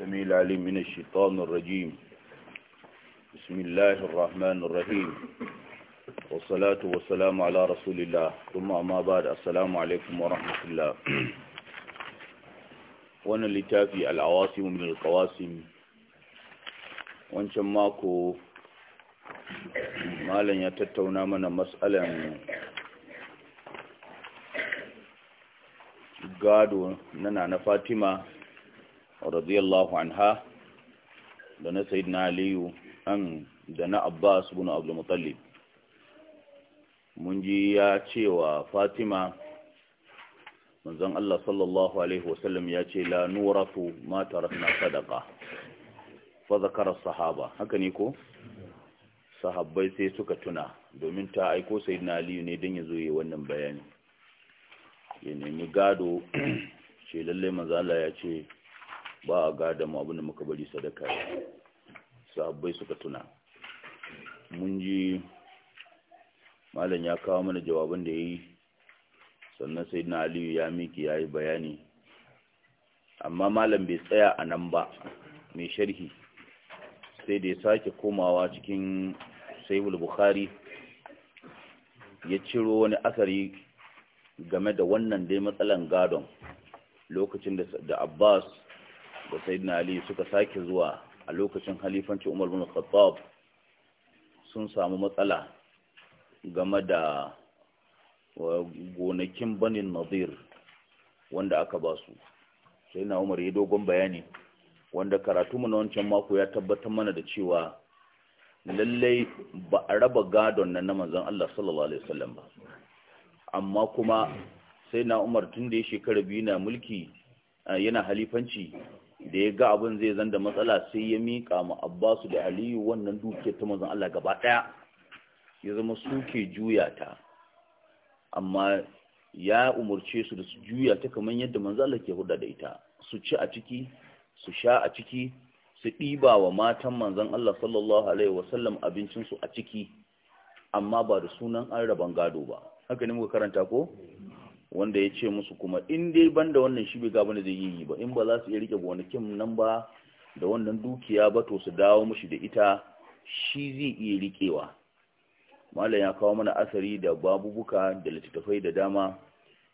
السميع العليم من الشيطان الرجيم بسم الله الرحمن الرحيم والصلاة والسلام على رسول الله ثم أما بعد السلام عليكم ورحمة الله وانا لتافي العواصم من القواسم wancan mako malam ya tattauna mana matsalan gado na na fatima radiyallahu anha da na sayyidina aliyu an da na abbas bin abdul mun je ya cewa fatima manzon Allah sallallahu alaihi wasallam ya ce la nurafu ma tarakna sadaqa fa sahaba haka ne ko sahabbai sai suka tuna domin ta aiko sayyidina Aliyu ne dan zo yi wannan bayani ya nemi gado ce lallai manzo ya ce ba a gada mu abinda muka bari sadaka sahabbai suka tuna mun ji malam ya kawo mana jawabin da ya yi sannan sai na aliyu ya miki ya yi bayani amma malam bai tsaya a nan ba mai sharhi sai da ya sake komawa cikin saibul bukhari ya ciro wani asari game da wannan dai matsalan gadon lokacin da abbas da sayyidina ali suka sake zuwa a lokacin halifanci umar bin khattab sun samu matsala game da gonakin banin nadir wanda aka ba su sai umar ya dogon bayani wanda karatu mu na wancan mako ya tabbatar mana da cewa lallai ba a raba gadon nan na manzon Allah sallallahu alaihi wasallam ba amma kuma sai umar tun ya shekara biyu na mulki yana halifanci da ya ga abin zai zanda matsala sai ya miƙa ma abbasu da aliyu wannan dukiyar ta mazan Allah gaba ɗaya ya zama suke juya ta amma ya umarce su da su juya ta kamar yadda manzon Allah ke hudda da ita su ci a ciki su sha a ciki su ɗiba wa matan manzon Allah sallallahu alaihi wasallam abincinsu a ciki amma ba da sunan an raban gado ba haka ne muka karanta ko wanda ya ce musu kuma in dai banda wannan shi bai ga bane zai yi ba in ba za su iya rike gonakin nan ba da wannan dukiya ba to su dawo mushi da ita shi zai iya rikewa malam ya kawo mana asari da babubuka da littattafai da dama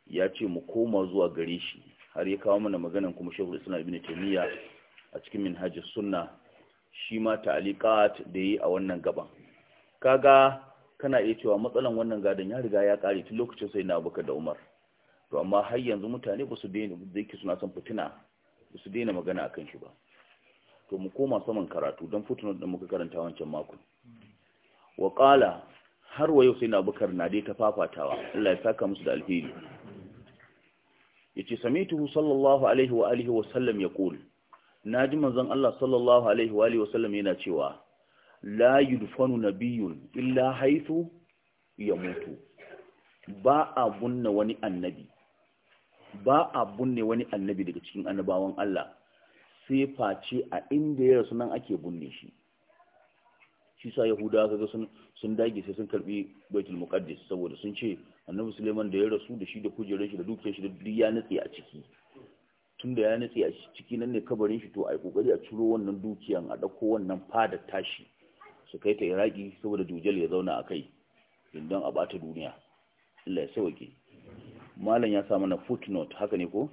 ya ce mu koma zuwa gare shi har ya kawo mana maganan kuma shehu suna ibn taymiya a cikin minhajus sunna shi ma ta'liqat da yi a wannan gaban kaga kana iya cewa matsalan wannan gadon ya riga ya kare tun lokacin sai na baka da umar to amma har yanzu mutane ba su daina da yake suna son fitina ba su daina magana akan shi ba to mu koma saman karatu don futuna da muka karanta wancan makon wa qala har wa yau sai na bukar na dai ta fafatawa Allah ya saka musu da alheri yace samituhu sallallahu alaihi wa alihi wa sallam ya Na ji manzon Allah sallallahu alaihi wa alihi wa sallam yana cewa la yudfanu nabiyyun illa haythu yamutu ba a bunna wani annabi ba a bunne wani annabi daga cikin annabawan Allah sai face a inda ya rasu nan ake bunne shi shi sa yahudawa kaga sun sun dage sai sun karbi baitul muqaddis saboda sun ce annabi suleiman da ya rasu da shi da kujerar shi da dukiyar shi da ya nutse a ciki tunda ya nutse a ciki nan ne kabarin shi to ai kokari a ciro wannan dukiyan a dauko wannan fada tashi su kai ta iraki saboda jujal ya zauna a kai don a bata duniya Allah ya sauke malam ya sa mana footnote haka ne ko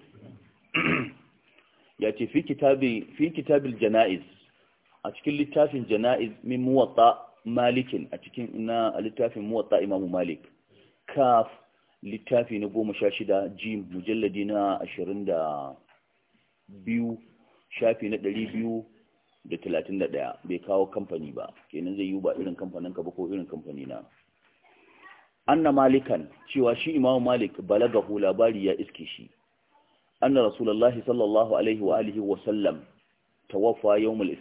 ya ce fi kitabil jana'iz a cikin littafin jana'iz min muwatta malikin a cikin na littafin muwatta imamu malik kaf littafi na goma sha shida jim mujalladi na ashirin da biyu shafi na ɗari biyu da talatin da ɗaya bai kawo kamfani ba kenan zai yi ba irin kamfaninka ba ko irin kamfani na. anna malikan cewa shi imamu malik balagahu labari ya iske shi anna rasulullahi sallallahu alaihi wa alihi wa sallam tawaffa yawmul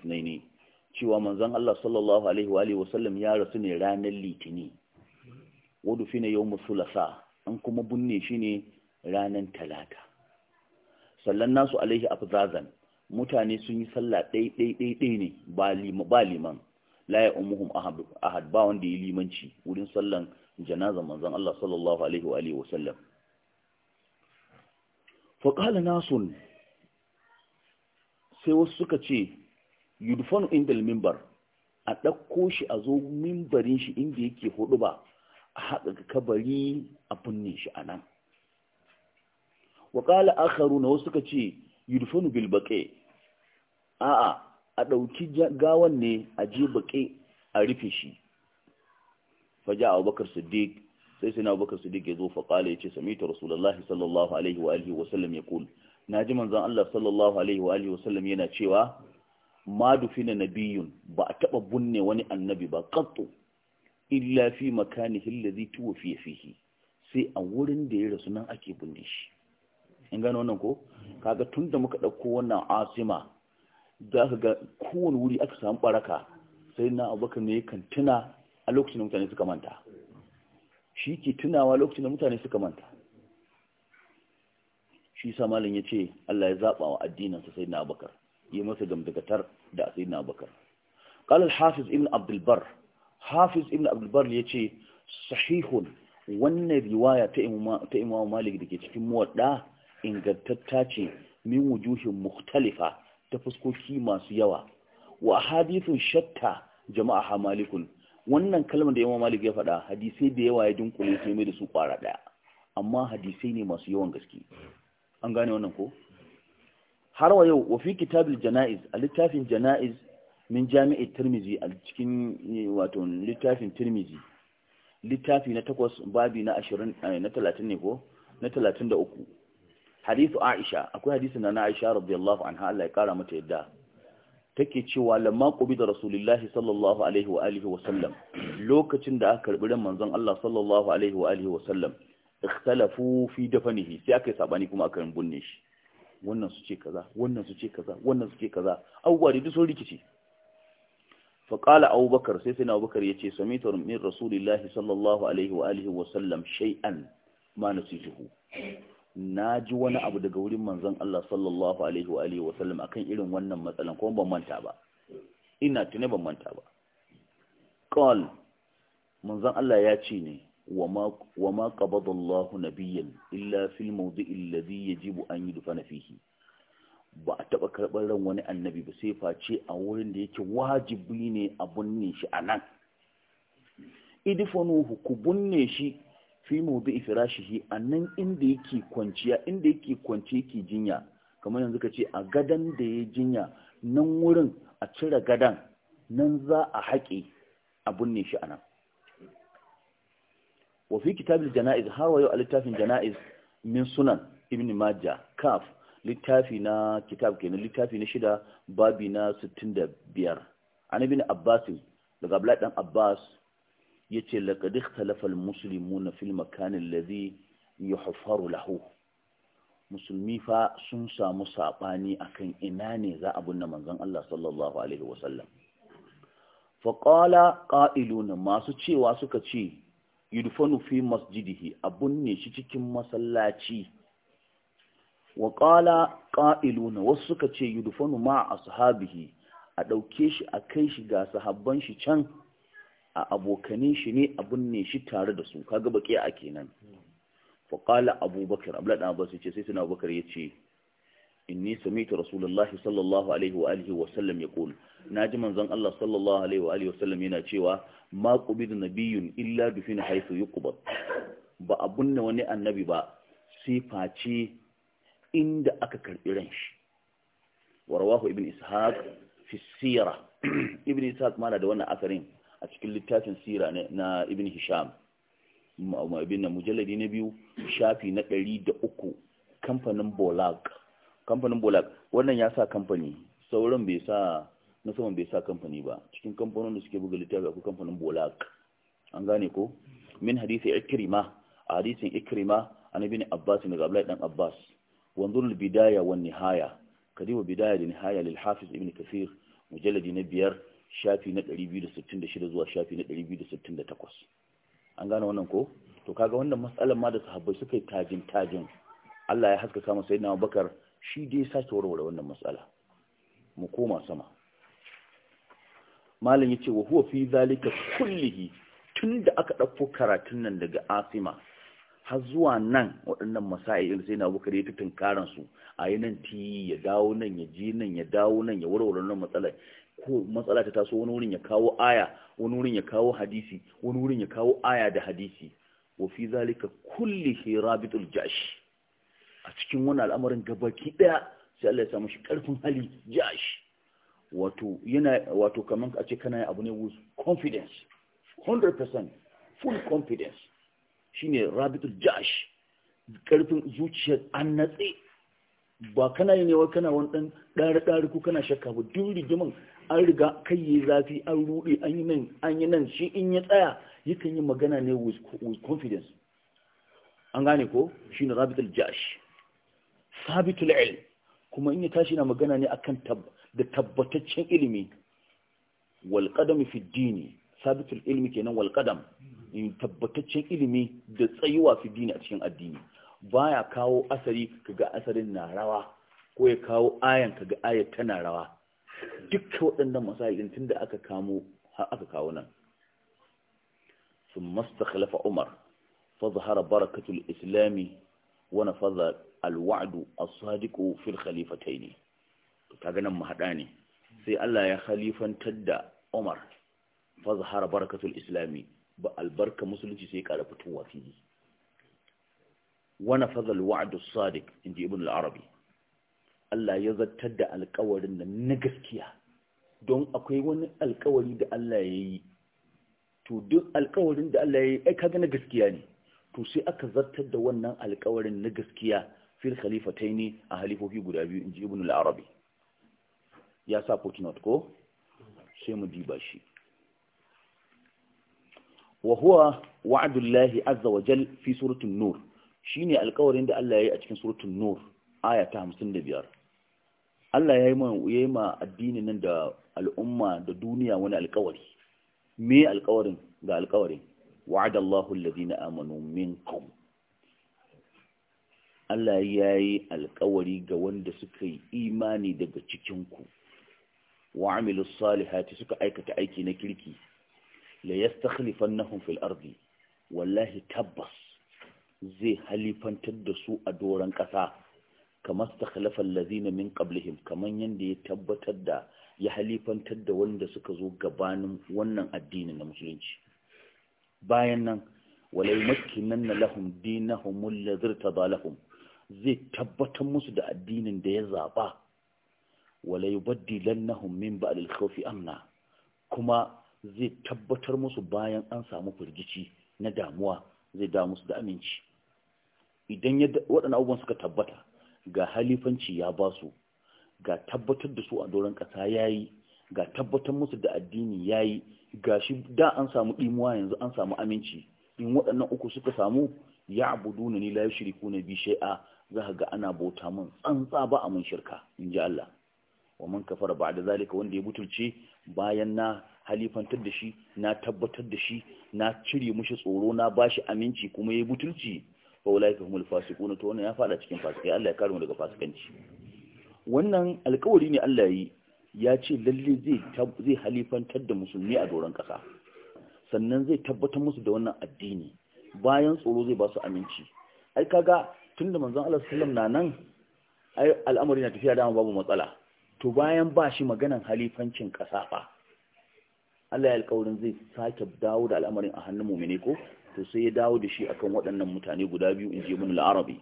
cewa manzon Allah sallallahu alaihi wa alihi wa sallam ya rasu ne ranar litini wadu fina yawmul thulatha an kuma binne shi ne ranar talata sallan nasu alaihi afzazan mutane sun yi sallah ɗai ɗai ɗai dai ne ba liman la ya umuhum ahad ba wanda ya limanci wurin sallan janazan manzon Allah sallallahu alaihi wa alihi wasallam fa nasun sai wasu suka ce yudfanu indal minbar a ɗauko shi a zo mimbarin shi inda yake hudu ba a haɗa kabari a binne shi a nan wa ƙala akharu na wasu suka ce yudfanu bil a'a a ɗauki gawan ne a je baƙe a rufe shi faja abubakar siddiq sai sai na abubakar siddiq ya zo faƙala ya ce samita rasulullahi sallallahu alaihi wa alihi wasallam ya na ji manzan allah sallallahu alaihi wa alihi yana cewa ma dufina nabiyun ba a taɓa bunne wani annabi ba qattu illa fi makanihi allazi tuwfiya fihi sai a wurin da ya rasu nan ake bunne shi in gano wannan ko kaga tunda muka ɗauko wannan asima za ka ga kowane wuri aka samu baraka sai na abubakar ne ya tuna a lokacin da mutane suka manta shi ke tunawa lokacin da mutane suka manta shi sa ya ce Allah ya zaɓa wa addinansa sai na abakar yi masa gamdagatar da sai na abakar ƙalar hafiz ibn abdulbar hafiz ibn abdulbar ya ce sahihun wannan riwaya ta imamu malik da ke cikin muwaɗa ingantatta ce min wujuhin muhtalifa ta fuskoki masu yawa wa hadithun shatta jama'a malikun wannan kalmar da Imam Malik ya faɗa hadisai da yawa ya dunkule sai mai da su kwara ɗaya, amma hadisai ne masu yawan gaske an gane wannan ko har wa yau wa fi kitabul janaiz a littafin janaiz min jami'ar tirmizi a cikin wato littafin tirmizi littafi na takwas babi na ashirin eh, na talatin ne ko na talatin da uku Hadisu aisha akwai hadisin na na aisha rabbi anha Allah ya kara mata yadda take cewa lamma qubi da rasulullahi sallallahu alaihi wa alihi wa sallam lokacin da aka karbi ran manzon Allah sallallahu alaihi wa alihi wa sallam ikhtalafu fi dafanihi sai aka yi sabani kuma aka binne shi wannan su ce kaza wannan su ce kaza wannan su ce kaza abubuwa da duk sun rikice. fa qala abubakar sai sai na abubakar yace samitu min rasulillahi sallallahu alaihi wa alihi wa sallam shay'an ma nasijuhu na ji wani abu daga wurin manzon Allah sallallahu alaihi wa alihi wasallam akan irin wannan matsalan kuma ban manta ba ina tuni ban manta ba qal manzon Allah ya ce ne wama wama qabadallahu nabiyyan illa fil mawdi'i alladhi yajibu an yudfana fihi ba a taba karbar ran wani annabi ba sai face a wurin da yake wajibi ne a bunne shi anan idfanuhu ku bunne shi fi mawdu'i firashihi annan inda yake kwanciya inda yake kwance yake jinya kamar yanzu ka ce a gadan da ya jinya nan wurin a cire gadan nan za a haƙe a binne shi anan wa fi kitabul janaiz hawa yau a littafin janaiz min sunan ibn majah kaf littafi na kitab kenan littafi na shida babi na 65 an ibn abbas daga abdullahi dan abbas yace laqad na almuslimuna fil makan alladhi yuhfaru lahu musulmi fa sun samu sabani akan ina ne za a bunna manzon Allah sallallahu alaihi wasallam fa qala masu cewa suka ce yudfanu fi masjidihi abunne shi cikin masallaci wa qala na wasu suka ce yudfanu ma ashabihi a ɗauke shi a kai shi ga sahabban shi can a abokanin shi ne a binne shi tare da su kaga baki a kenan fa qala abubakar abla dan abbas yace sai suna abubakar yace inni sami'tu rasulullahi sallallahu alaihi wa alihi wa sallam yaqul naji manzon Allah sallallahu alaihi wa alihi wa sallam yana cewa ma qubidu nabiyyun illa dufina haythu yuqbad ba abunne wani annabi ba sai face inda aka karbi ran shi warawahu ibn ishaq fi sirah ibn ishaq mana da wannan asarin a cikin littafin sira na ibn hisham ibn na mujalladi na biyu shafi na ɗari da uku kamfanin bolak kamfanin bolak wannan ya sa kamfani sauran bai sa na saman bai sa kamfani ba cikin kamfanin da suke buga littafi akwai kamfanin bolak an gane ko min hadisi ikrima a hadisin ikrima na bin abbas daga gabla dan abbas wanzur al bidaya wan nihaya kadiba bidaya da nihaya lil hafiz ibn kathir mujalladi na biyar shafi na 266 zuwa shafi na 268 an gane wannan ko to kaga wannan matsalar ma da sahabbai suka yi tajin tajin Allah ya haskaka masa sayyidina Abubakar shi dai ya sake warware wannan matsala mu koma sama malam yace wa huwa fi zalika kullihi tunda aka dauko karatun nan daga Asima har zuwa nan waɗannan masa'il sai na bukari ya tutun karan su a yi nan ti ya dawo nan ya ji nan ya dawo nan ya warware nan matsalar ko matsala ta taso wani wurin ya kawo aya wani wurin ya kawo hadisi wani wurin ya kawo aya da hadisi wa fi zalika shi rabitul jash a cikin wani al'amarin gabaki daya sai Allah ya samu shi karfin hali jash wato yana wato kaman a ce kana abu ne with confidence 100% full confidence shine rabitul jash karfin zuciyar an natsi ba kana yi ne wa kana wani dan ɗari-ɗari ko kana shakka ba duk rigiman an riga kai yi zafi an rudi an yi nan shi in ya tsaya yakan yi magana ne with confidence an gane ko shi ne rabitul jash sabitul ilm kuma in ya tashi na magana ne akan da tabbataccen ilimi wal qadam fi dini sabitul ilmi kenan wal qadam tabbataccen ilimi da tsayuwa fi dini a cikin addini baya kawo asari kaga asarin na rawa ko ya kawo ayan kaga ayat tana rawa duk waɗannan masailin tun da aka kamo har aka kawo nan sun mastakhalafa umar fazahara barakatul islami wani faza alwa'adu a sadiku fil khalifatai ne ta ganin mahaɗa ne sai Allah ya khalifantar da umar fazahara barakatul islami ba albarka musulunci sai ƙara fitowa fili wani faza alwa'adu sadiq inji ibn al-arabi Allah ya zartar da alkawarin nan na gaskiya don akwai wani alkawari da Allah ya yi to duk alkawarin da Allah ya yi ai kaga na gaskiya ne to sai aka zartar da wannan alkawarin na gaskiya fil khalifataini a halifofi guda biyu inji ibn al-arabi ya sa footnote ko sai mu diba shi wa huwa Allah azza wa jal fi suratul nur shine alkawarin da Allah ya yi a cikin suratul nur aya ta 55 Allah ya yi ma ma addinin nan da al'umma da duniya wani alƙawari me alƙawarin ga alƙawarin wa'ada Allahu alladhina amanu minkum Allah ya yi alƙawari ga wanda suka yi imani daga cikin ku wa amilu salihati suka aikata aiki na kirki la yastakhlifannahum fil arzi wallahi tabbas zai halifantar da su a doron ƙasa kamar stakhlafa allazina min qablihim kaman yanda ya tabbatar da ya halifantar da wanda suka zo gabanin wannan addini na musulunci bayan nan wala yumakkinanna lahum dinahum alladhi tadalahum zai tabbatar musu da addinin da ya zaba wala yubaddilannahum min ba'd khawfi amna kuma zai tabbatar musu bayan an samu firgici na damuwa zai da musu da aminci idan waɗannan abubuwan suka tabbata ga halifanci ya ba su ga tabbatar da su a doron ƙasa ya yi ga tabbatar musu da addini ya yi ga shi da an samu ɗimuwa yanzu an samu aminci in waɗannan uku suka samu ya abudu na nila shiriku na bi shai'a za ga ana bauta mun tsantsa ba a mun shirka in ji Allah wa man kafara ba da zalika wanda ya butulce bayan na halifantar da shi na tabbatar da shi na cire mushi tsoro na bashi aminci kuma ya butulci fa humul fasiquna to ya fada cikin fasikai, Allah ya kare daga fasikanci wannan alƙawari ne Allah yi ya ce lalle zai halifantar da musulmi a doron kasa. sannan zai tabbatar musu da wannan addini bayan tsoro zai ba su aminci ai kaga tunda manzon Allah sallallahu na nan ai al'amari na tafiya da babu matsala to bayan ba shi maganan halifancin ƙasa fa Allah ya alƙawarin zai sake dawo da al'amarin a hannun mumini ko to sai ya dawo da shi akan waɗannan mutane guda biyu in je mun al'arabi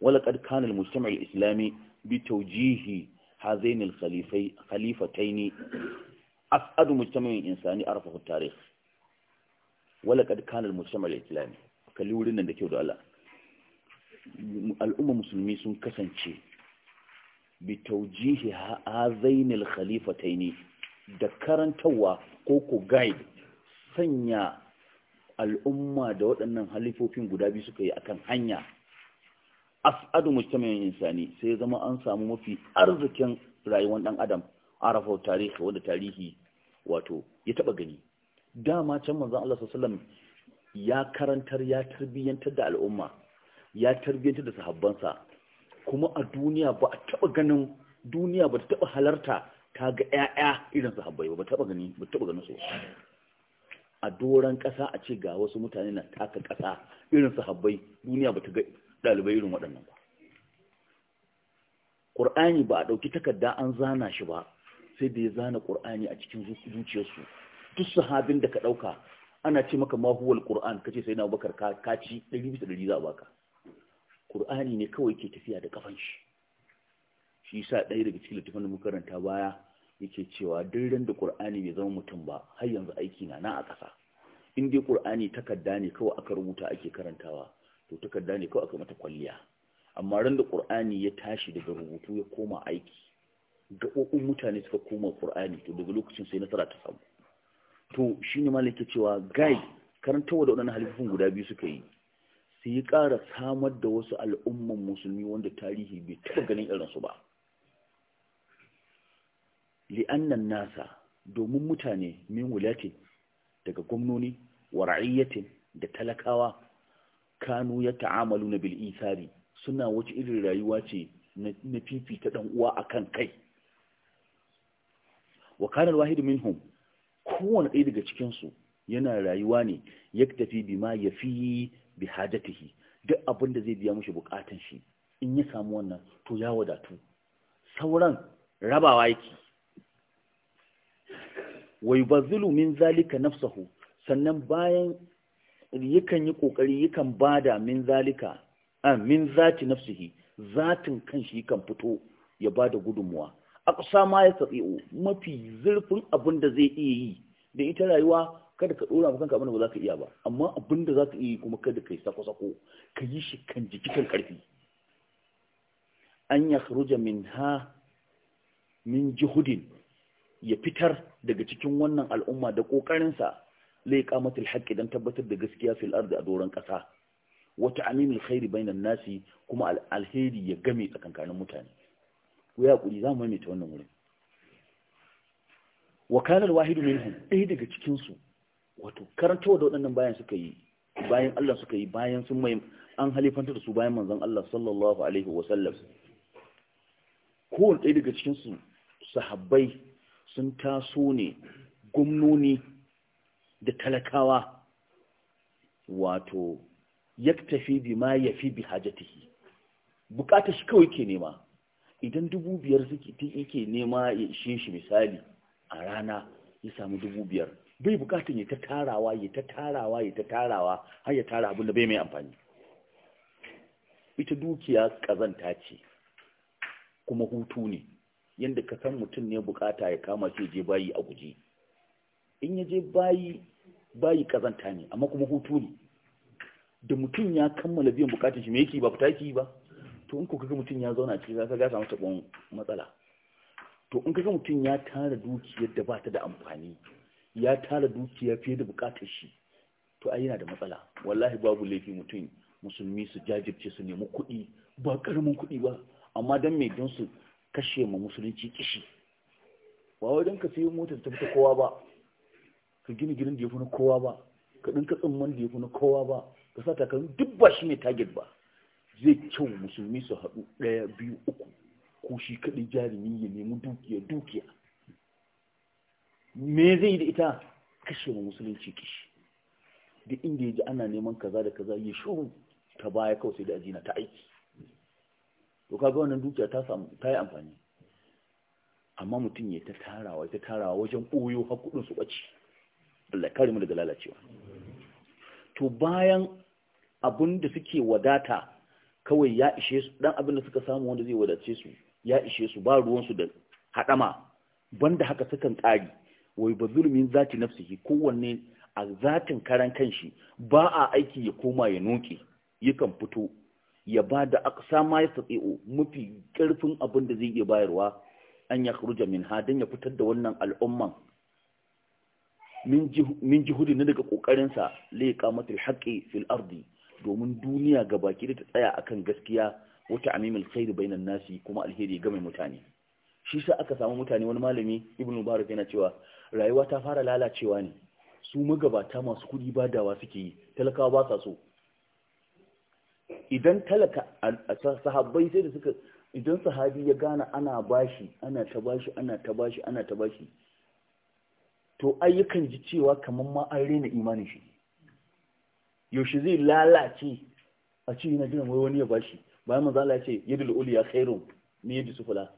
ولقد كان المجتمع الإسلامي بتوجيه هذين الخليفتين أسعد مجتمع إنساني أرفه التاريخ ولقد كان المجتمع الإسلامي kalli wurin nan da kyau da Allah al'umma musulmi sun kasance bi taujihi hazainil khalifataini da karantawa ko guide sanya al'umma da waɗannan halifofin guda biyu suka yi akan hanya as'adu mujtama'in insani sai zama an samu mafi arzikin rayuwar dan adam arafa tarihi wanda tarihi wato ya taba gani dama can manzon Allah sallallahu alaihi wasallam ya karantar ya tarbiyantar da al'umma ya tarbiyantar da sahabbansa kuma a duniya ba a taba ganin duniya ba ta taba halarta ta ga ƴaƴa irin sahabbai ba ba taba gani ba taba ganin su a doron ƙasa a ce ga wasu mutane na taka ƙasa irin sahabbai duniya ba ta ga ɗalibai irin waɗannan ba ƙur'ani ba a ɗauki takarda an zana shi ba sai da ya zana ƙur'ani a cikin zuciyarsu duk sahabin da ka ɗauka ana ce maka mahuwar ƙur'an ka ce sai na bakar kaci ɗari bisa ɗari za a baka ƙur'ani ne kawai ke tafiya da ƙafan shi shi sa ɗaya daga cikin littafin da muka karanta baya yake cewa duk da Qur'ani bai zama mutum ba har yanzu aiki na na a ƙasa in dai ƙur'ani takarda ne kawai aka rubuta ake karantawa to takarda ne kawai aka mata kwalliya amma ran da Qur'ani ya tashi daga rubutu ya koma aiki gaɓoɓin mutane suka koma ƙur'ani to daga lokacin sai nasara ta samu to shine malik yake cewa gai karantawa da waɗannan halifin guda biyu suka yi sai ya ƙara samar da wasu al'umman musulmi wanda tarihi bai taɓa ganin irinsu ba li'annan nasa domin mutane min wulati daga gwamnoni wa ra'ayyatin da talakawa kanu ya ta'amalu na bil'isari suna wace irin rayuwa ce na fifita ɗan uwa a kan kai wa kanar wahidu minhum kowane ɗaya daga cikinsu yana rayuwa ne ya tafi bi ma ya fi bi hajjatihi duk abin da zai biya mushi bukatan shi in ya samu wannan to ya wadatu sauran rabawa yake wai zulu min zalika nafsahu sannan bayan yakan yi kokari yakan bada min zalika a ah, min zati nafsihi zatin kanshi kan fito ya bada gudunmuwa aqsa ma ya tsatsi'u mafi zurfin abin da zai iya yi da ita rayuwa kada ka dora kanka abin ba za ka iya ba amma abin da za ka iya kuma kada ka yi sako-sako ka yi shi kan jikin karfi an ya kharuja min ha min juhudin ya fitar daga cikin wannan al'umma da ƙoƙarinsa Lai kamatul haƙƙi don tabbatar da gaskiya fil ardi a doron ƙasa wata amimul khairi bainan nasi kuma alheri ya game tsakankanin mutane ku ya kuri za mu maimaita wannan wurin wa kana alwahidu minhum ɗaya daga cikin su wato karantawa da waɗannan bayan suka yi bayan Allah suka yi bayan sun mai an halifanta da su bayan manzon Allah sallallahu alaihi wa sallam ko ɗaya daga cikin su sahabbai sun taso ne gwamnoni da talakawa wato ya tafi bi ma ya fi bi hajjatihi bukata shi kawai ke nema idan dubu biyar suke ta yake nema ya ishe shi misali a rana ya samu dubu biyar bai bukatun ya ta tarawa ya ta tarawa ya ta tarawa har ya tara abin da bai mai amfani ita dukiya kazanta ce kuma hutu ne yadda ka san mutum ne bukata ya kama sai je bayi a guje in ya je bayi bayi kazanta ne amma kuma hutu ne da mutum ya kammala biyan bukatun shi me yake ba fita yake ba to in kuka ga mutum ya zauna za ka ga samu tabon matsala to in kaga mutum ya tara dukiyar da ba ta da amfani ya tara dukiyar fiye da bukatar shi to ai yana da matsala wallahi babu laifi mutum musulmi su jajirce su nemi kuɗi ba karamin kuɗi ba amma dan me don su kashe ma musulunci kishi ba wajen ka sayi motar ta fita kowa ba ka gina gidan da ya fi na kowa ba ka ɗin katsin da ya fi na kowa ba ka sa takarun duk ba shi ne target ba zai kyau musulmi su haɗu ɗaya biyu uku ko shi kaɗai jarumi ya nemi dukiya dukiya me zai da ita kashe ma musulunci kishi Da inda ya ji ana neman kaza da kaza ya shuru ta baya kawai sai da ajina ta aiki to kaga wannan dukiya ta samu ta yi amfani amma mutum ya ta tarawa ta tarawa wajen koyo har su bace Allah kare mu daga lalacewa to bayan abin da suke wadata kawai ya ishe su dan abin da suka samu wanda zai wadace su ya ishe su ba ruwan su da hadama banda haka sukan tsari wai ba zulmin zati nafsihi kowanne a zatin karan kanshi ba a aiki ya koma ya noke yakan fito ya ba da aqsa ma mafi ƙarfin abin da zai iya bayarwa an ya khruja minha dan ya fitar da wannan al'umman min hudu ne daga kokarinsa lai kamatul haƙƙi fil ardi domin duniya ga baki da ta tsaya akan gaskiya wata amimul khair bainan nasi kuma alheri ga mai mutane shi sa aka samu mutane wani malami ibn mubarak yana cewa rayuwa ta fara lalacewa ne su magabata masu kuɗi badawa suke yi talakawa ba sa so idan talaka a sahabbai sai da suka idan sahabi ya gane ana bashi ana ta bashi ana ta bashi ana ta bashi to ayyukan ji cewa kamar ma an rena imanin shi yaushe zai lalace a ce yana jiran wani ya bashi bayan maza Allah ya ce yadul uli ya khairu ne yadi fula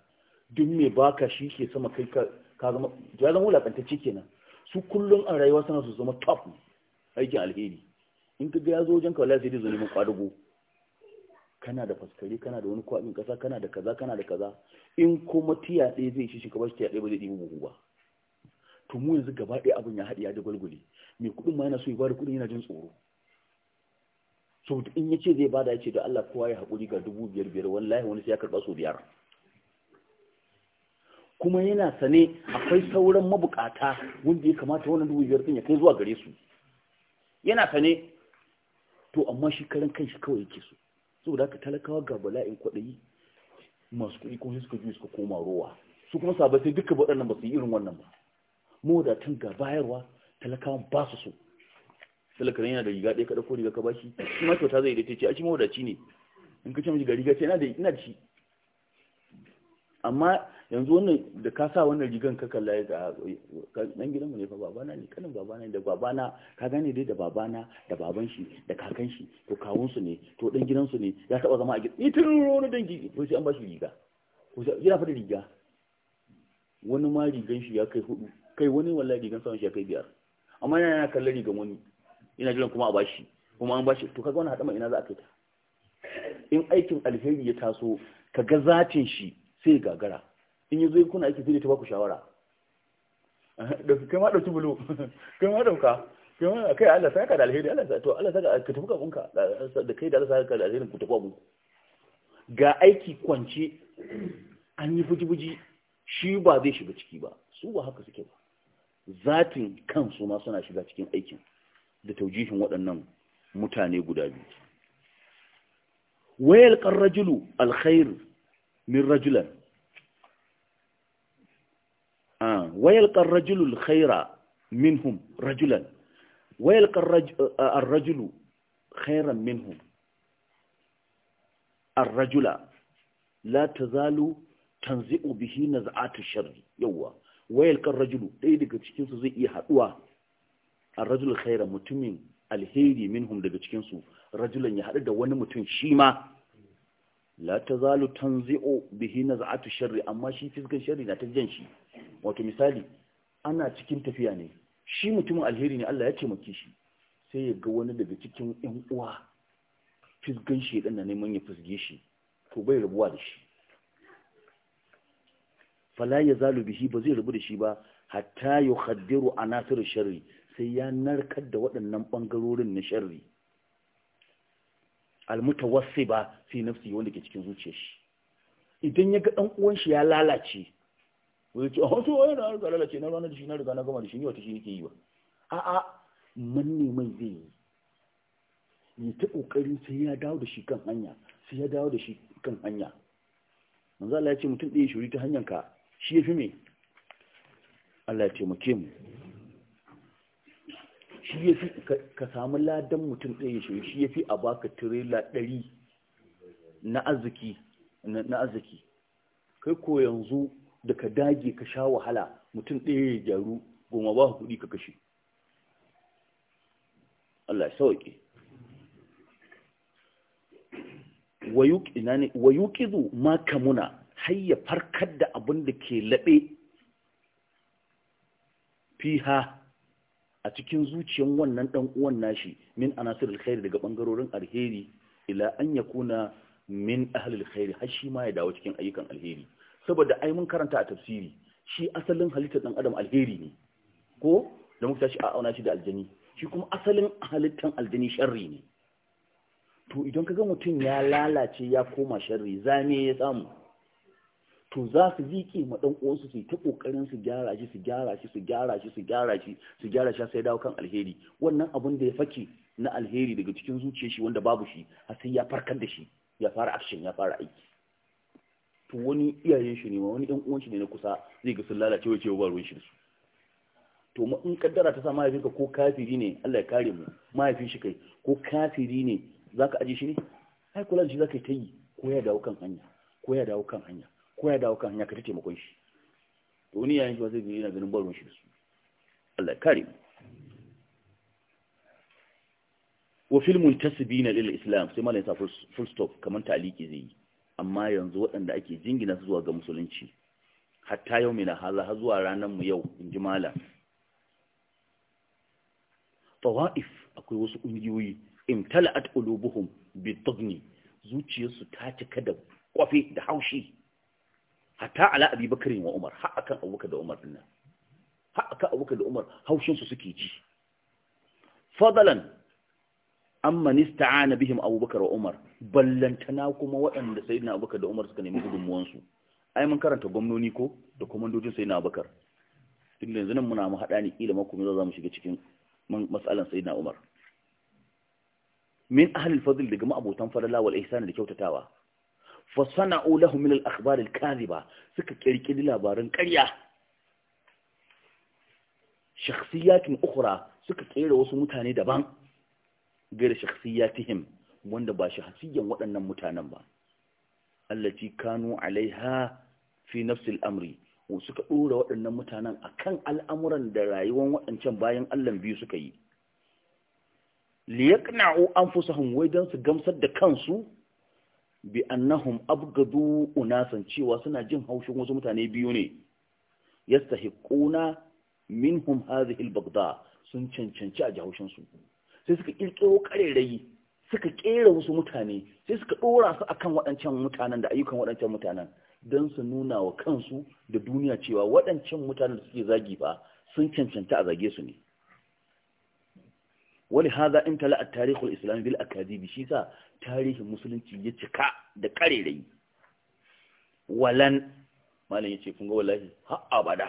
duk mai baka shi ke sama kai ka zama ya zama wulakantacce kenan su kullum a rayuwa sana su zama top aikin alheri in ka ga ya zo wajen ka wallahi sai dai zo neman kwadugo kana da faskari kana da wani kwaɗin ƙasa kana da kaza kana da kaza in kuma tiya ɗaya zai shi shiga bashi tiya ɗaya ba zai ɗibi buhu ba to mu yanzu gaba ɗaya abin ya haɗe ya da gwalgwale mai kuɗin ma yana so ya bada kuɗin yana jin tsoro so in ya ce zai bada ya ce da Allah kowa ya haƙuri ga dubu biyar biyar wallahi wani sai ya karɓa sau biyar kuma yana sane akwai sauran mabukata wanda ya kamata wannan dubu biyar ɗin ya kai zuwa gare su yana sane to amma shi karan shi kawai yake so da ka talakawa ga bala'in kwaɗayi masu kuɗi ko suka juyi suka koma rowa su kuma sai duka waɗannan ba su yi irin wannan ba tun ga bayarwa talakawan ba su so talakawa yana da riga ɗaya kaɗa ko riga ka bashi shi ma kyauta zai daita ce a shi mawadaci ne in ka ce mashi ga riga ce ina da shi amma yanzu wannan da ka sa wannan rigan ka kalla ga dan gidanmu ne fa babana ne kanin babana da babana ka gane dai da babana da baban shi da kakan shi to kawun su ne to dan gidansu ne ya taba zama a gidan itin wani dangi ko sai an ba shi riga ko sai yana fada riga wani ma rigan shi ya kai hudu kai wani wallahi rigan sa shi ya kai biyar amma yana yana kallon rigan wani ina jiran kuma a bashi kuma an bashi to kaga wannan hadama ina za a kai ta in aikin alheri ya taso kaga zatin shi sai gagara in yi zai kuna ake ta baku shawara da kai ma ɗauki bulu kai ma ɗauka kai ma kai Allah da alheri Allah to Allah saka ka tafi kabunka da kai da Allah saka da alheri ku tafi abun ga aiki kwance an yi fuji shi ba zai shiga ciki ba su ba haka suke ba zatin kansu ma suna shiga cikin aikin da taujihin waɗannan mutane guda biyu wayar ƙarrajulu alkhair min rajulan na'am wayalqar rajulul khaira minhum rajulan wayalqar ar-rajulu khairan minhum ar-rajula la tazalu tanzi'u bihi naz'atu sharri yawa wayalqar rajulu dai daga cikinsu zai iya haɗuwa. ar-rajul khairan mutumin alheri minhum daga cikinsu su rajulan ya haɗu da wani mutum shima. la zalu tanzi'u bihi naz'atu sharri amma shi fiskan sharri na ta jan shi wato misali ana cikin tafiya ne shi mutumin alheri ne Allah ya ce maki shi sai ya ga wani daga cikin ƴan uwa fiskan shi dan neman ya fisge shi to bai rabuwa da shi fala yazalu bihi ba zai rabu da shi ba hatta yukhaddiru anasir sharri sai ya narkar da waɗannan bangarorin na sharri ba fi nafsi wanda ke cikin zuciyar shi idan ya ga dan uwan shi ya lalace wai ce a to ai na riga lalace na ranar da shi na riga na gama da shi ne wata shi yake yi ba a a manne mai zai yi ni ta ƙoƙarin sai ya dawo da shi kan hanya sai ya dawo da shi kan hanya manzo Allah ya ce mutum ɗaya shuri ta hanyar ka shi yafi me Allah ya taimake mu shi ya fi ka samu ladan mutum ɗaya shi shi ya fi a baka tirela ɗari na arziki kai ko yanzu da ka dage ka sha wahala mutum ɗaya ya gyaru goma ba kuɗi ka kashe Allah ya sauƙi wa zu ma kamuna har ya farkar da abin da ke laɓe fiha a cikin zuciyan wannan dan uwan nashi min anasir alkhair daga bangarorin alheri ila an yakuna min ahli alkhair har shi ma ya dawo cikin ayyukan alheri saboda ai mun karanta a tafsiri shi asalin halittar dan adam alheri ne ko da muka tashi a auna shi da aljani shi kuma asalin halittar aljani sharri ne to idan kaga mutum ya lalace ya koma sharri zame ya samu to za su zike ma dan uwansu su ta ƙoƙarin su gyara shi su gyara shi su gyara shi su gyara shi su gyara shi sai dawo kan alheri wannan abun da ya fake na alheri daga cikin zuciya shi wanda babu shi a sai ya farkar da shi ya fara action ya fara aiki to wani iyayen shi ne ma wani ɗan uwan shi ne na kusa zai ga sun lalace wace ba ruwan shi da su to in kaddara ta sa mahaifinka ko kafiri ne Allah ya kare mu mahaifin shi kai ko kafiri ne zaka aje shi ne ai kula da shi zaka ta yi ko ya dawo kan hanya ko ya dawo kan hanya ko ya dawo kan hanya ka ta taimakon shi to wani yayin shi ba zai na ganin barin shi da su Allah kare wa fil muntasibina lil islam sai mallan sa full stop kaman taliki zai yi amma yanzu waɗanda ake jingina su zuwa ga musulunci hatta yau mina hala har zuwa ranar mu yau inji malam tawaif akwai wasu kungiyoyi imtala'at qulubuhum bitagni zuciyarsu ta cika da kwafe da haushi hatta ala abi bakarin wa umar har akan abubakar da umar dinnan har akan abubakar da umar haushinsu suke ji fadalan amma nista'ana bihim abubakar wa umar ballantana kuma waɗanda sayyidina abubakar da umar suka nemi gudunmuwansu ai mun karanta gwamnoni ko da komandojin sayyidina abubakar duk da yanzu nan muna mu haɗa ni kila mako mu za mu shiga cikin matsalan sayyidina umar min ahlul fadl daga ma'abotan fadala wal ihsan da kyautatawa Fasana'u sana'u lahum min al suka kirkiri labaran ƙarya shakhsiyatin ukhra suka kera wasu mutane daban gaira shakhsiyatihim wanda ba shakhsiyan waɗannan mutanen ba allati kanu alaiha fi nafsil amri suka ɗora waɗannan mutanen a kan al'amuran da rayuwar waɗancan bayan Allah biyu suka yi an anfusahum wai dan su gamsar da kansu bi annahum abgadu unasan cewa suna jin haushin wasu mutane biyu ne yastahiquna minhum hadhihi albagda sun cancanci a ji su sai suka kirkiro karerayi suka kera wasu mutane sai suka dora su akan waɗancan mutanen da ayyukan waɗancan mutanen don su nuna wa kansu da duniya cewa waɗancan mutanen da suke zagi ba sun cancanta a zage su ne wani haza in tala a tarihul islam bil akadibi shi sa tarihin musulunci ya cika da karerai walan malin ya ce kun ga wallahi ha abada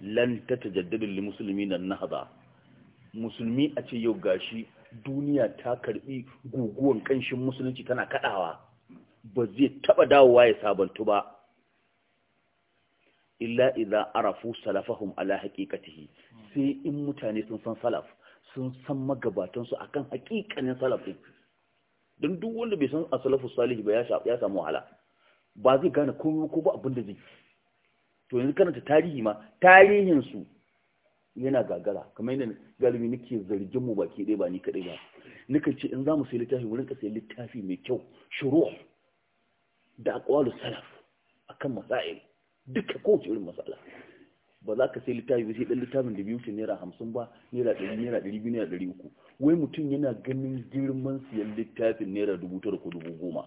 lan ta tajaddadu lil muslimina nahda musulmi a ce yau gashi duniya ta karbi guguwan kanshin musulunci tana kadawa ba zai taba dawowa ya sabantu ba illa idza arafu salafahum ala haqiqatihi sai in mutane sun san salaf sun san magabatan su akan haqiqanin salaf don duk wanda bai san asalafu salih ba ya samu wahala ba zai gane komai ko ba abinda da zai to yanzu karanta tarihi ma tarihin su yana gagara kamar yadda galibi nake zargin mu baki ɗaya ba ni kaɗai ba nakan ce in za mu sai littafi wurin kasai littafi mai kyau shuru da aqwalu salaf akan masail duka kowace irin masala ba za ka sai littafi ba sai ɗan littafin da biyu naira hamsin ba naira ɗari naira ɗari biyu naira ɗari uku wai mutum yana ganin girman siyan littafin naira dubu tara ko dubu goma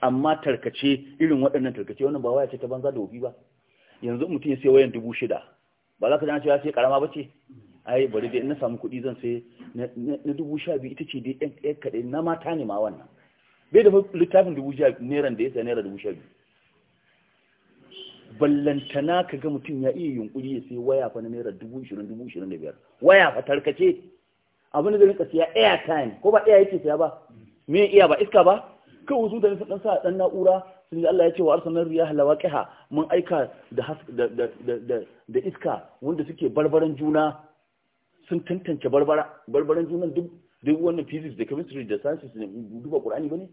amma tarkace irin waɗannan tarkace wannan ba waya ce ta banza da wofi ba yanzu mutum ya sai wayan dubu shida ba za ka ce ya sai karama ba ce ai bari dai na samu kuɗi zan sai na dubu sha biyu ita ce dai ɗan kaɗai na mata ne ma wannan bai da littafin dubu sha naira da ya sai naira dubu sha biyu ballantana ka ga mutum ya iya yunkuri ya sai waya fa na naira dubu ishirin dubu ishirin da biyar waya fa tarkace abin da zai rinka siya air time ko ba air yake siya ba me iya ba iska ba kai wuzu da nufin sa dan na'ura sun yi Allah ya ce wa arsanar riyah lawaqiha mun aika da da iska wanda suke barbaran juna sun tantance barbaran juna duk duk wannan physics da chemistry da sciences ne duba ba ne.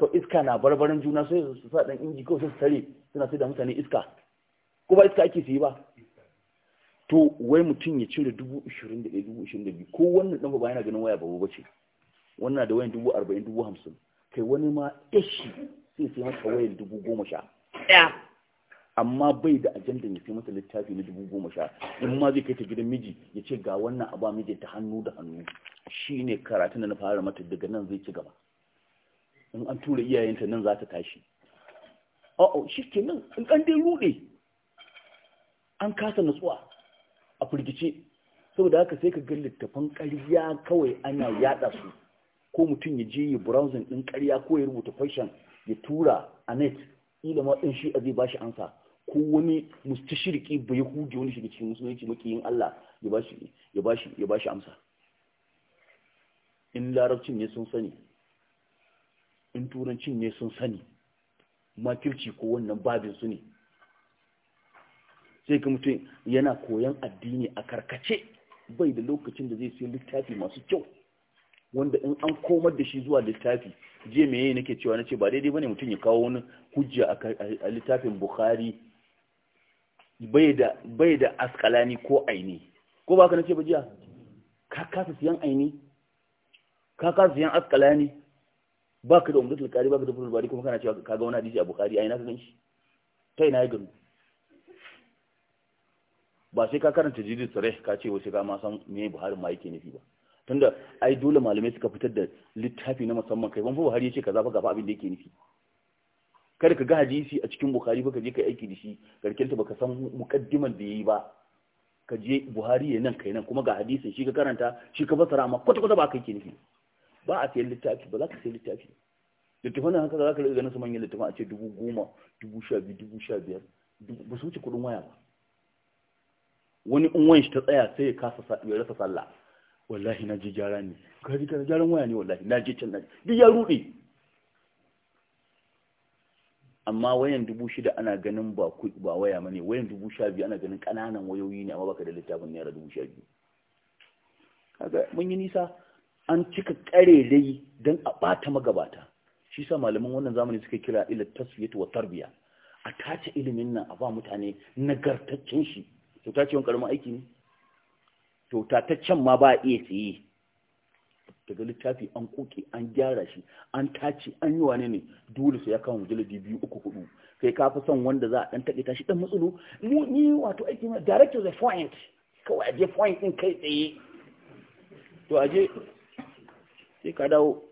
ko iska na barbaran juna sai su sa dan inji ko su tare suna sai da mutane iska ko ba iska ake su yi ba to wai mutum ya cire dubu ishirin da ɗaya dubu ishirin da biyu ko wannan ɗan babba yana ganin waya babu ce wannan da wayan dubu arba'in dubu hamsin kai wani ma yashi sai sai masa wayan dubu goma sha ɗaya amma bai da ajanda ya sai masa littafi na dubu goma sha in ma zai kai ta gidan miji ya ce ga wannan a ba miji ta hannu da hannu shine karatun da na fara mata daga nan zai ci gaba in an tura iyayenta nan za ta tashi o'o oh, oh, shi ke nan in an dai rude an kasa nutsuwa a firgice saboda haka sai ka ga littafan ƙarya kawai ana yada su ko mutum ya je ya browsing ɗin ƙarya ko ya rubuta fashion ya tura a net ila ma ɗin shi a zai bashi ansa ko wani shirki bai huje wani shiga cikin musulunci makiyin Allah ya bashi ya bashi amsa in larabcin ne sun sani in turancin ne sun sani makirci ko wannan babin su ne sai ka mutum yana koyon addini a karkace bai da lokacin da zai sai littafi masu kyau wanda in an komar da shi zuwa littafi je yi nake cewa nace ba daidai bane mutum ya kawo wani hujja a littafin Bukhari bai da bai da askalani ko aini ko ba ka nace ba jiya ka kasa siyan aini ka kasa siyan askalani ba ka da umdatul kari ba ka da fulul bari kuma kana cewa ka ga wani hadisi a bukhari a yi ka ganshi ta na yi gano ba sai ka karanta jirgin tsare ka ce wasu ga masan san me buhari ma yake nufi ba tunda ai dole malamai suka fitar da littafi na musamman kai wani buhari ya yace ka zafa gafa abin da yake nufi kada ka ga hadisi a cikin bukhari ba ka je ka aiki da shi karkinta ka san mukaddiman da yi ba ka je buhari ya nan kai nan kuma ga hadisin shi ka karanta shi ka fasara amma kwata kwata ba ka ke nufi ba a sayan littafi ba za ka sayan littafi littafin haka za ka rage ganin su manyan littafin a ce dubu goma dubu sha biyu dubu sha biyar ba su wuce kudin waya ba wani wani shi ta tsaya sai ya kasa ya rasa sallah wallahi na je gyara ne ka ji kana gyaran waya ne wallahi na je can na duk ya rude amma wayan dubu shida ana ganin ba ba waya ne wayan dubu sha biyu ana ganin kananan wayoyi ne amma baka da littafin naira dubu sha biyu kaga mun yi nisa an cika dai don a ɓata magabata shi sa malaman wannan zamani suka kira ila tasfiyatu wa tarbiya a tace ilimin nan a ba mutane nagartaccen shi to tace wani karamin aiki ne to tataccen ma ba a iya tsaye daga littafi an koke an gyara shi an tace an yi wane ne dole su ya kama mujalladi biyu uku hudu kai ka fi son wanda za a dan take tashi dan matsalo mu ni wato aiki na direct to the point kawai je point din kai tsaye to a je. sai ka dawo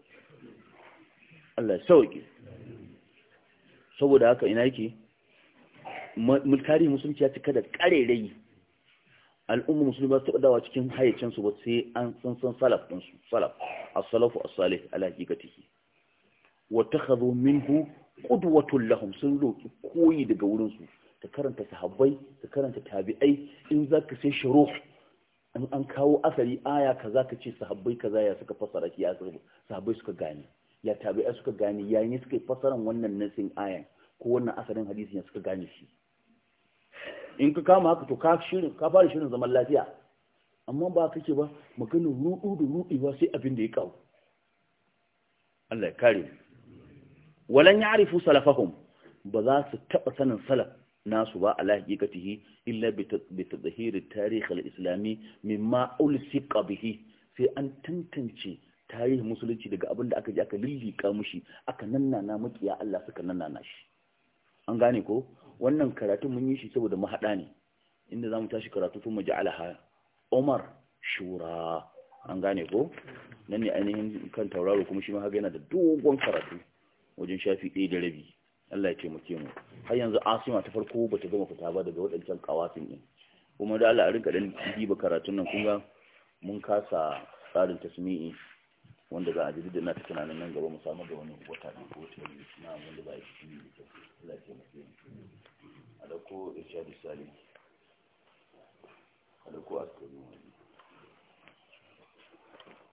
Allah sauki saboda haka ina yake tarihin musulunci ya cika da karerai al'umma musulmi ba su taɓa dawa cikin hayyacinsu ba sai an san san salaf ɗinsu salaf as-salafu as-salih ala hakikatihi wa takhadhu minhu qudwatun lahum sun roki koyi daga wurin su ka karanta sahabbai ka karanta tabi'ai in zaka sai shuruh in an kawo asali aya kaza ka ce sahabbai za ya suka fasara ya sahabbai suka gane ya ya suka gane yi suka fasaran wannan nasin ayan ko wannan asalin hadisi ya suka gane shi in ka kama haka to ka shirin ka fara shirin zaman lafiya amma ba kake ba maganin rudu da ba sai abin da ya kawo Allah ya kare walan arifu salafahum ba za su taba sanin salaf nasu ba ala hakikatihi illa bi tadhhiri tarikh al-islami mimma ulsiqa bihi sai an tantance tarihin musulunci daga abin da aka ji aka lillika mushi aka nannana ya Allah suka nannana shi an gane ko wannan karatu mun yi shi saboda mu hada ne inda zamu tashi karatu mu ji ja'alaha Umar shura an gane ko nan ne ainihin kan tauraro kuma shi ma haka yana da dogon karatu wajen shafi ɗaya da rabi Allah ya muke mu har yanzu asima ta farko bata gama fita ba daga waɗancan kawasin din kuma da Allah a rinka dan ba karatun nan kun ga mun kasa tsarin tasmi'i wanda za a ji da na ta tunanin nan gaba mu samu da wani wata da wata ne na wanda za a yi tasmi'i Allah ya ce mu alako dauko irshadu salim alako dauko asirin